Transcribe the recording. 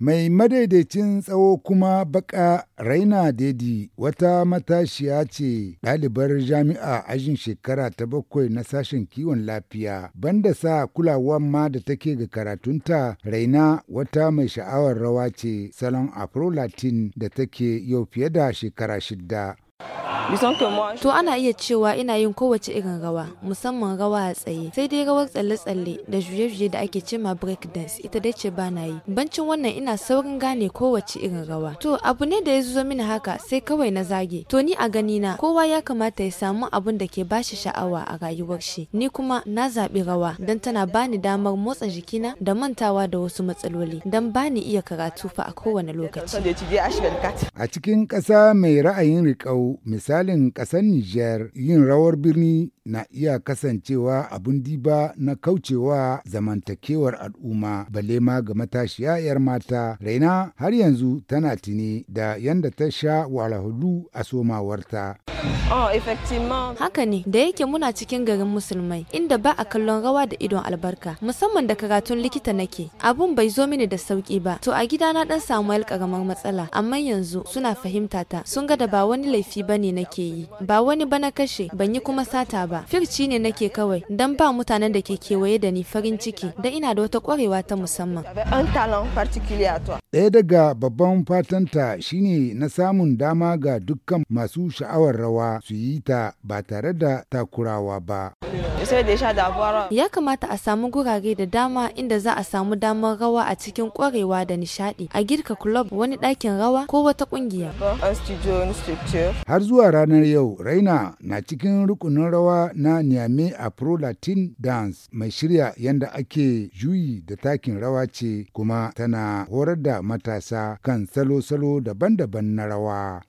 Mai madaidaicin tsawo kuma baka Raina Dedi wata matashiya ce ɗalibar jami'a ajin shekara ta bakwai na sashen kiwon lafiya banda sa kulawar ma da take ga karatunta Raina wata mai sha'awar rawa ce salon Afro-Latin da take yau fiye da shekara shidda. To ana iya cewa ina yin kowace irin rawa, musamman rawa a tsaye. Sai dai rawar tsalle-tsalle da juye-juye da ake cema break dance ita dai ce ba na yi. Bancin wannan ina saurin gane kowace irin rawa. To abu ne da ya zo mini haka sai kawai na zage. To ni a gani na kowa ya kamata ya samu abun da ke bashi sha'awa a rayuwar shi. Ni kuma na zaɓi rawa don tana bani damar motsa jikina da mantawa da wasu matsaloli don bani iya karatu fa a kowane lokaci. A cikin ƙasa mai ra'ayin riƙau misali misalin ƙasar Nijar yin rawar birni na iya kasancewa abun diba na kaucewa zamantakewar al'umma bale ma ga matashiya 'yar mata raina har yanzu tana tuni da yanda ta sha wahalhalu a somawarta. Oh, Haka ne, da yake muna cikin garin musulmai, inda ba a kallon rawa da idon albarka, musamman da karatun likita nake. Abun bai zo mini da sauki ba, to a gida na dan samu karamar matsala, amma yanzu suna fahimta ta, sun ga da ba wani laifi bane nake yi, ba wani ba na kashe, ban yi kuma sata ba. ba firci ne nake kawai don ba mutanen da ke kewaye da ni farin ciki da ina da wata kwarewa ta musamman ɗaya daga babban fatanta shine na samun dama ga dukkan masu sha'awar rawa su yi ta ba tare da takurawa ba Ya kamata a samu gurare da dama inda za a samu damar rawa a cikin kwarewa da nishadi a girka club wani ɗakin rawa ko wata ƙungiya. Har zuwa ranar yau Raina na cikin rukunin rawa na Niamey Afro Latin Dance mai shirya yadda ake juyi da takin rawa ce kuma tana horar da matasa kan salo-salo daban-daban na rawa.